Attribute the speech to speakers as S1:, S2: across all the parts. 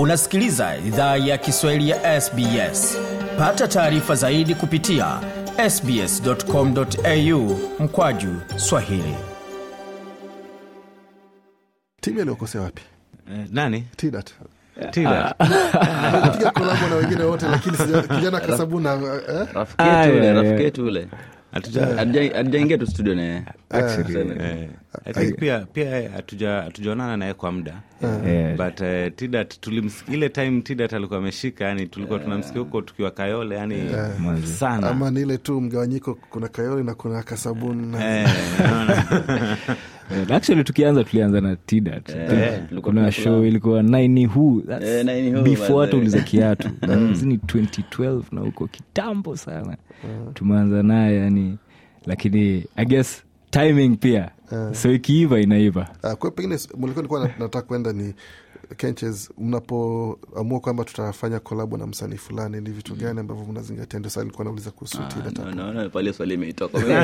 S1: unasikiliza idhaa ya kiswahili ya sbs pata taarifa zaidi kupitia sbscomau
S2: mkwaju swahili timu aliokosea wapi eh, nani tidat eh, tidatpiga ah. kolabo na wengine wote lakini kijana kasabuna eh? rafiki yetu ule hatujaingia
S3: tu studio naye eh, pia pia hatujaonana eh, naye kwa muda eh, but uh, tidat tulims, ile time tidat alikuwa ameshika yani tulikuwa yeah.
S2: tunamsikia huko tukiwa kayole yani yeah. sana ama ni ile tu mgawanyiko kuna kayole na kuna kasabuni
S1: Eh, actually tukianza tulianza na tdat yeah, kuna show ilikuwa nine who, yeah, before hata uliza kiatu mm. ni 2012 na huko
S2: kitambo sana
S1: mm. tumeanza naye yani lakini i guess timing pia yeah. Mm. so ikiiva inaiva
S2: uh, pengine mlikua nilikuwa nataka kwenda ni Kenches, mnapoamua kwamba tutafanya kolabo na msanii fulani, ni vitu mm. gani ambavyo mnazingatia? Ndio sasa alikuwa nauliza kuhusu ah, pale swali imeitoka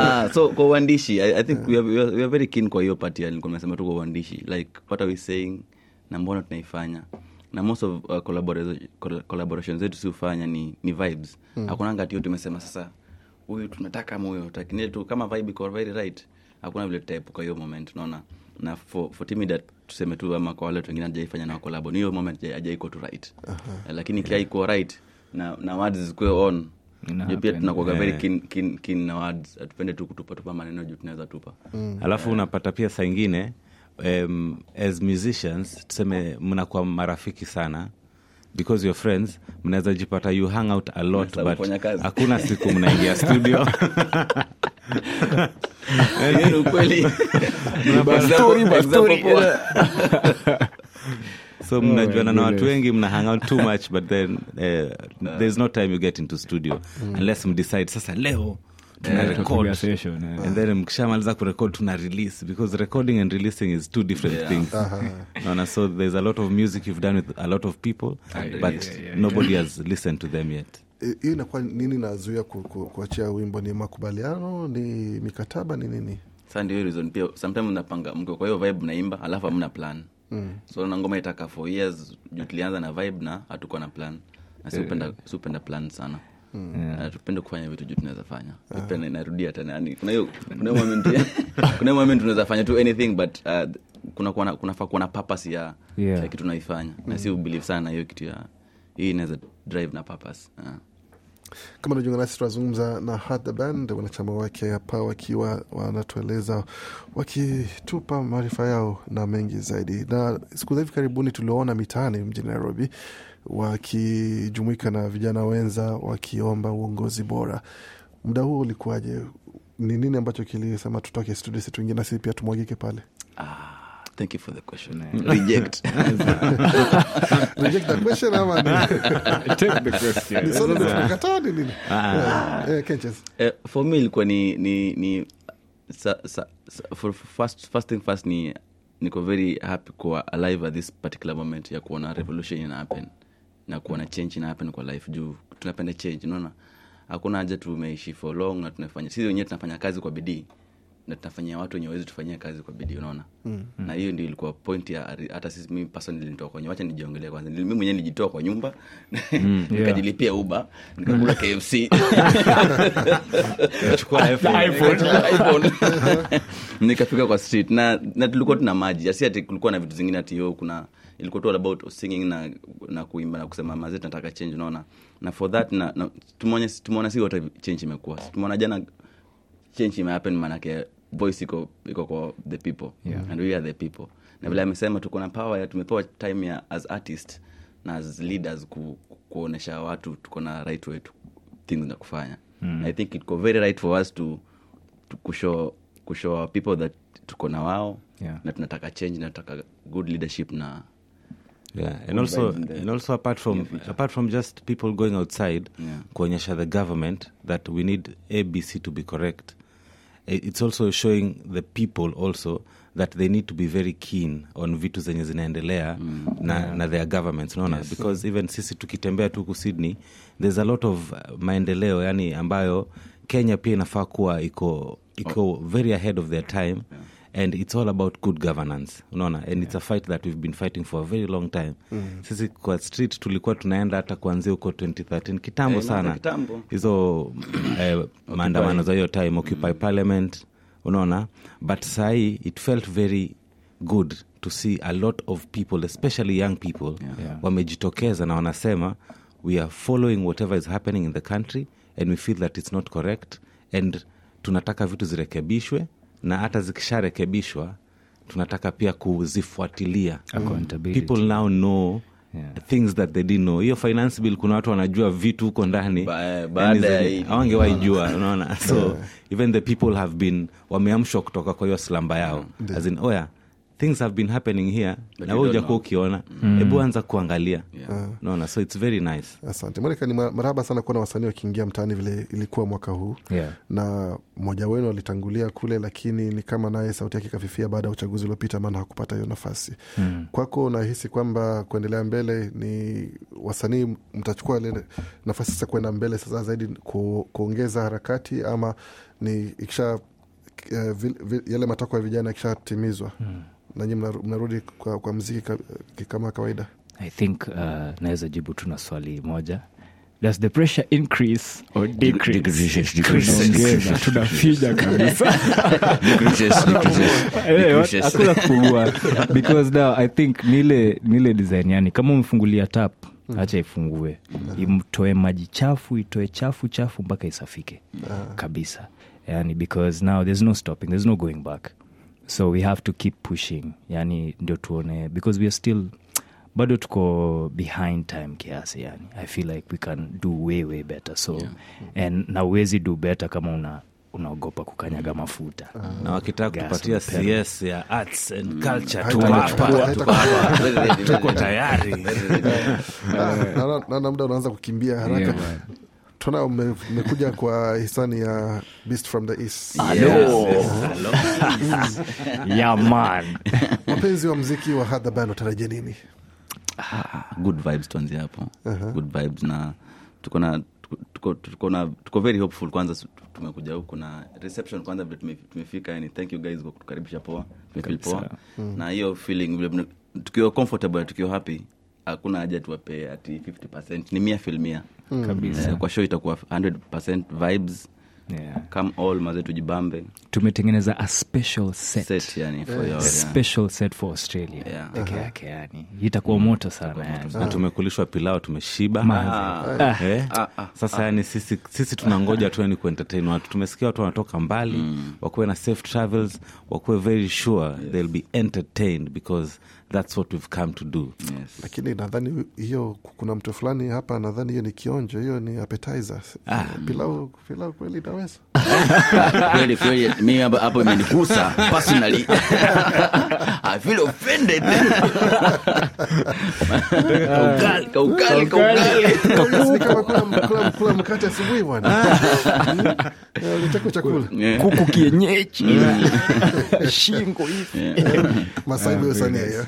S2: ah,
S4: so kwa uandishi I, I think yeah. we are, we are, very keen kwa hiyo pati alikuwa mesema tu kwa uandishi like what are we saying na mbona tunaifanya na most of uh, collaboration zetu siufanya ni, ni vibes mm. hakunanga tio tumesema sasa huyu tunataka ama huyo takinile tu kama vibe iko very right hakuna vile tutaepuka hiyo moment naona na for, for team that tuseme tu ama kwa wale watu wengine ajaifanya na wakolabo ni hiyo moment ajaiko tu right uh-huh. lakini yeah. kiaiko right na, na words zikuwe on pia tunakuaga very eh. kin, kin, kin na words atupende tu kutupatupa maneno juu tunaweza tupa mm. alafu eh.
S3: unapata pia saa ingine um, as musicians tuseme mnakuwa marafiki sana because your friends mnaweza jipata you hang out a lot but hakuna siku mnaingia studio Yaani so oh, mnajuana na watu wengi mna hang out too much but then uh, there's no time you get into studio mm. unless mdecide sasa leo tunathen mkishamaliza kurekod tuna release because recording and releasing is two different yeah. things uh-huh. so there's a lot of music you've done with a lot of people I, ah, but yeah, yeah, yeah. nobody has listened to them yet
S2: Eh, hiyo inakuwa nini? Nazuia kuachia ku, wimbo ni makubaliano, ni mikataba, ni nini?
S4: Sasa ndio reason pia sometimes napanga mko, kwa hiyo vibe naimba, alafu hamna plan mm. so na ngoma itaka for years juu tulianza na vibe na hatukuwa na plan na siupenda eh. yeah. siupenda plan sana Mm. Yeah. tupende kufanya vitu juu tunaweza fanya uh-huh. Ah. narudia tena yani kuna hiyo kuna moment kuna moment tunaweza fanya tu anything but uh, kuna kuna kunafaa kuwa na purpose ya, yeah. ya kitu naifanya mm. na si mm. believe sana hiyo kitu ya hii inaweza drive na purpose uh.
S2: Kama unajiunga nasi, tunazungumza na Had Band, wanachama wake hapa wakiwa wanatueleza wakitupa maarifa yao na mengi zaidi. Na siku za hivi karibuni tulioona mitaani mjini Nairobi wakijumuika na vijana wenza wakiomba uongozi bora. Muda huo ulikuwaje? Ni nini ambacho kilisema tutoke studio zetu tuingie nasi pia tumwagike pale? ah. Thank you for the question. Eh? Reject. Reject the question ama take the question. Ni ni nini? Ah. Eh, eh,
S4: eh, for me ilikuwa ni ni ni sa, sa, sa, for first first thing first ni niko very happy kuwa alive at this particular moment ya kuona revolution ina happen na kuona change ina happen kwa life juu tunapenda change unaona hakuna haja tumeishi for long na tunafanya sisi wenyewe tunafanya kazi kwa bidii na tunafanyia watu wenye wezi tufanyia kazi kwa bidii unaona mm. na hiyo ndio ilikuwa point ya hata sisi mimi personally nilitoka kwenye wacha nijiongelee kwanza mimi mwenyewe nilijitoa kwa nyumba mm, yeah. nikajilipia uba nikakula mm. kfc nachukua iphone nikafika kwa street na, na tulikuwa tuna maji asi ati kulikuwa na vitu zingine ati yoo oh, kuna ilikuwa tu about singing na, na kuimba na kusema mazetu tunataka change unaona na for that na, na tumeona tumeona si wote change imekuwa tumeona jana change imehappen manake voice iko iko kwa the people yeah. and we are the people na vile amesema tuko na power ya tumepewa time ya as artist na as leaders ku, kuonesha watu tuko na right wetu things na kufanya mm. i think iko very right for us to, to kushow, kushow people that tuko na wao yeah. na tunataka change na tunataka good leadership na Yeah, and also and
S3: also apart from apart from just people going outside yeah. kuonyesha the government that we need abc to be correct Eh, it's also showing the people also that they need to be very keen on vitu zenye zinaendelea mm. na, na their governments naona yes. because even sisi tukitembea tu huku sydney there's a lot of uh, maendeleo yani ambayo kenya pia inafaa kuwa iko iko oh. very ahead of their time yeah and it's all about good governance unaona and yeah. it's a fight that we've been fighting for a very long time mm. sisi kwa street tulikuwa tunaenda hata kuanzia huko 2013 kitambo hey, eh, sana hizo eh, maandamano za hiyo time mm-hmm. occupy mm. parliament unaona but sahii it felt very good to see a lot of people especially young people yeah. Yeah. wamejitokeza na wanasema we are following whatever is happening in the country and we feel that it's not correct and tunataka vitu zirekebishwe na hata zikisharekebishwa tunataka pia kuzifuatilia people now know Yeah. things that they didn't know hiyo finance bill kuna watu wanajua vitu huko ndani yaani awangewaijua unaona so yeah. even the people have been wameamshwa kutoka kwa hiyo slamba yao yeah. Mm. as in, oh yeah, things have been happening here na we ujakuwa ukiona mm. hebu mm. anza kuangalia yeah. Ah. naona so its very nice
S2: asante monica ni maraba sana kuona wasanii wakiingia mtaani vile ilikuwa mwaka huu yeah. na mmoja wenu alitangulia kule lakini ni kama naye sauti yake ikafifia baada ya uchaguzi uliopita maana hakupata hiyo nafasi mm. kwako unahisi kwamba kuendelea mbele ni wasanii mtachukua ile nafasi sasa kuenda mbele sasa zaidi kuongeza harakati ama ni ikisha uh, eh, vil, vil, yale matakwa ya vijana yakishatimizwa mm nanyi mnarudi kwa, kwa mziki kama kawaida i think uh, naweza jibu tuna swali moja
S1: does the pressure increase or decreasetunafinya kabisaakuna eh, kupungua because now i think nile nile design yani kama umefungulia tap mm. hacha ifungue mm. imtoe maji chafu itoe chafu chafu mpaka isafike mm. kabisa yani because now there's no stopping there's no going back so we have to keep pushing yani ndio tuone because weare still bado tuko behind time kiasi yani i feel like we can do way way better so yeah. and na uwezi do better kama una unaogopa kukanyaga mafuta na wakitaka kutupatia cs ya arts and
S3: culture tuko tayari
S2: naona muda unaanza kukimbia haraka tunao umekuja kwa hisani ya Beast from the East. Ah, yes, yes, yeah, man wa mziki wa hadha band watarajia nini? Ah,
S4: good vibes tuanzie hapo. Uh-huh. Good vibes na tuko na tuko, tuko, na, tuko very hopeful kwanza tumekuja huku na reception kwanza vile tumefika yani thank you guys kwa kutukaribisha poa tumefil poa mm. na hiyo feeling vile tukiwa comfortable tukiwa happy hakuna haja tuwape ati 50 ni mia filmia mm. kabisa uh, kwa show itakuwa 100 vibes Yeah. come all maze tujibambe
S1: tumetengeneza a special set,
S4: set, yani, for your, special
S1: set for australia peke
S4: yeah. Uh-huh. yake yani
S1: itakuwa mm. moto sana Yani. na
S3: tumekulishwa pilao tumeshiba ah. Eh. Ah. Eh. ah. ah, ah, sasa yani sisi, sisi tunangoja tu yani kuentertain watu tumesikia watu wanatoka mbali mm. wakuwe na safe travels wakuwe very sure yes. they'll be entertained because that's what we've come to do yes.
S2: Lakini nadhani hiyo kuna mtu fulani hapa, nadhani hiyo ni kionjo, hiyo ni appetizer. Ah, pilau pilau kweli inaweza
S4: kweli kweli, mi hapo imenigusa personally
S2: I feel offended mkate asubuhi bwana, eh, chakula kuku kienyechi mm. shingo hivi sania ah, hiyo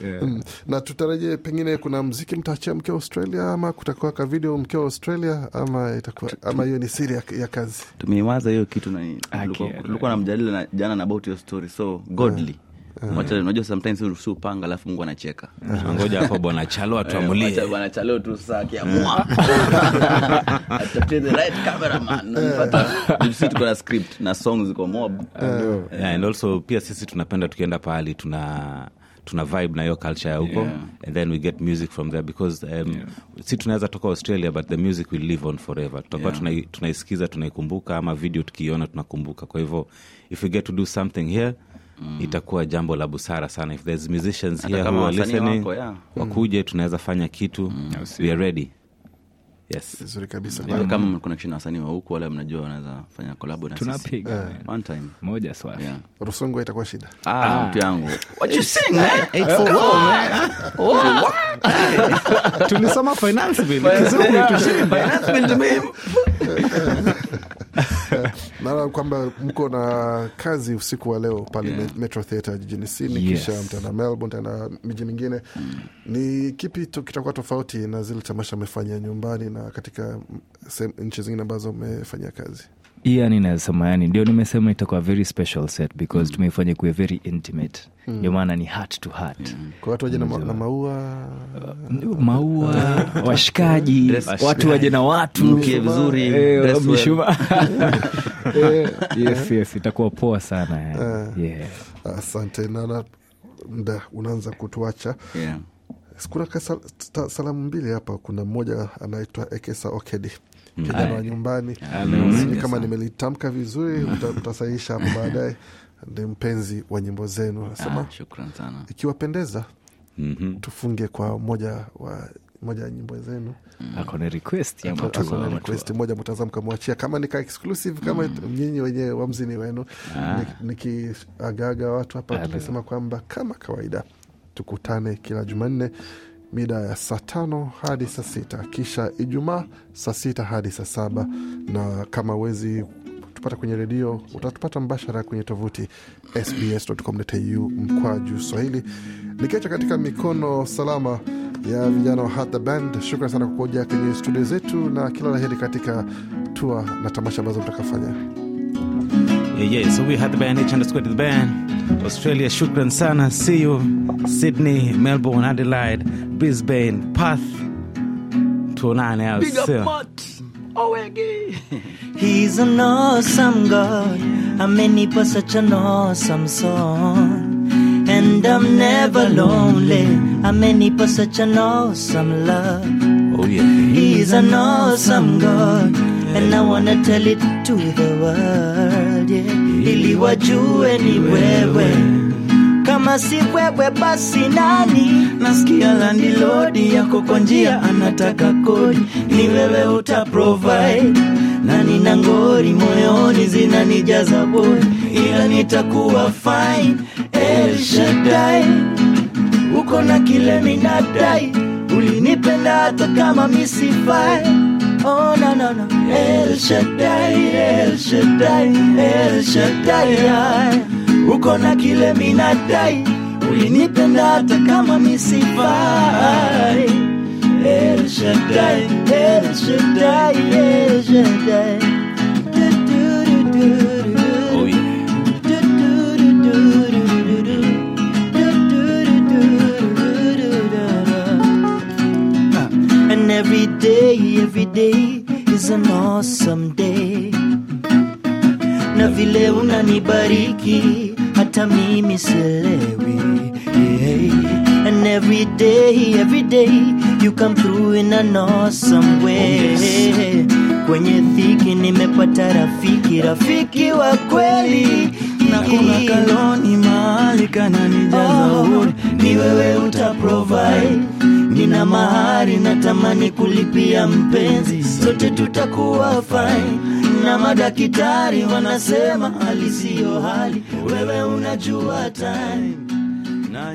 S2: Mm. Na tutarajie pengine kuna mziki mtaachia mkiwa Australia ama kutakua ka video mkiwa Australia ama itakuwa ama hiyo ni siri ya, ya kazi.
S4: tumewaza hiyo kitu nalikuwa na mjadili na jana na about your story so godly. Yeah. Machalo, eh. unajua sometimes si upanga alafu Mungu anacheka. Eh. Ngoja hapo bwana Chalo eh, Chalo tu saa sisi tuko na script na ziko mob. Yeah,
S3: and also pia sisi tunapenda tukienda pahali tuna tuna vibe na hiyo culture ya huko yeah. and then we get music from there because um, yeah. si tunaweza toka australia but the music will live on forever tutakuwa yeah. tunaisikiza tunaikumbuka ama video tukiiona tunakumbuka kwa hivyo if we get to do something here mm. itakuwa jambo la busara sana if there's musicians here who are listening wako,
S2: yeah. wakuje
S4: tunaweza fanya kitu mm. we are ready
S2: Vizuri connection
S4: um, wasanii wa huku wala mnajua wanaweza fanya na Tunapiga yeah. one time. Moja Yeah.
S2: Rusungu itakuwa shida.
S4: Ah, ah, mtu yangu. What you sing man?
S2: Tulisoma finance bill. finance bill to me naona kwamba mko na kazi usiku wa leo pale yeah. Metro Theatre jijini Sydney yes. Kisha mtaenda Melbourne, mtaenda miji mingine mm. Ni kipi kitakuwa tofauti na zile tamasha amefanya nyumbani na katika nchi zingine ambazo mmefanyia kazi?
S1: yani nasema yani ndio nimesema itakuwa very special set because mm. tumeifanya kuwe very intimate mm. ndio maana ni heart to heart mm.
S2: kwa watu waje na, ma na maua uh, maua washikaji watu waje na watu mke vizuri eh, mishuma eh. yes, yes, itakuwa poa sana yani. uh, eh. yeah. asante nana mda unaanza kutuacha yeah kuna sal, salamu mbili hapa kuna mmoja anaitwa ekesa okedi kijana nyumbani. Sijui ah, kama nimelitamka vizuri, mtasahihisha hapo baadaye. Ni mpenzi wa nyimbo zenu, ah, nasema ikiwapendeza mm -hmm. tufunge kwa moja wa moja ya nyimbo zenu mm. moja, mtazamka kamwachia kama nika exclusive kama mm. nyinyi wenyewe wamzini wenu ah. Nikiagaaga watu hapa tukisema kwamba kama kawaida tukutane kila Jumanne mida ya saa tano hadi saa sita kisha Ijumaa saa sita hadi saa saba na kama wezi tupata kwenye redio utatupata mbashara kwenye tovuti sbs.com.au mkwaju Swahili, nikiacha katika mikono salama ya vijana wa Hat the Band. Shukran sana kwa kuoja kwenye studio zetu na kila la heri katika tua na tamasha ambazo mtakafanya.
S3: yeah, so we had the band H underscore the band. Australia, shukran sana. See you. Sydney, Melbourne, Adelaide, Brisbane, Perth. Tuonane out. Big up,
S5: oh, He's an awesome God. Amenipa for such an awesome song. And I'm never lonely. I'm Amenipa for such an awesome love. Oh yeah. He's an awesome God. And I wanna tell it to the world. nifanyeje ili wajue ni wewe kama si wewe basi nani nasikia landilodi yako kwa njia anataka kodi ni wewe uta provide na nina ngori moyoni zinanijaza boy, ila nitakuwa fine El Shaddai uko na kile minadai ulinipenda hata kama misifai Oh no no no. El Shaddai, El Shaddai, El Shaddai. Uko na kile minadai, ulinipenda hata kama misifai. El Shaddai, El Shaddai, El Shaddai. Du, du, du, du. every day is an awesome day na vile unanibariki hata mimi sielewi yeah. and every day every day you come through in an awesome way oh, yes. kwenye dhiki nimepata rafiki rafiki wa kweli na kuna kaloni mahali kananijaza oh, ni wewe utaprovide nina mahari natamani kulipia mpenzi, sote tutakuwa fine, na madaktari wanasema hali siyo hali, wewe unajua time
S4: na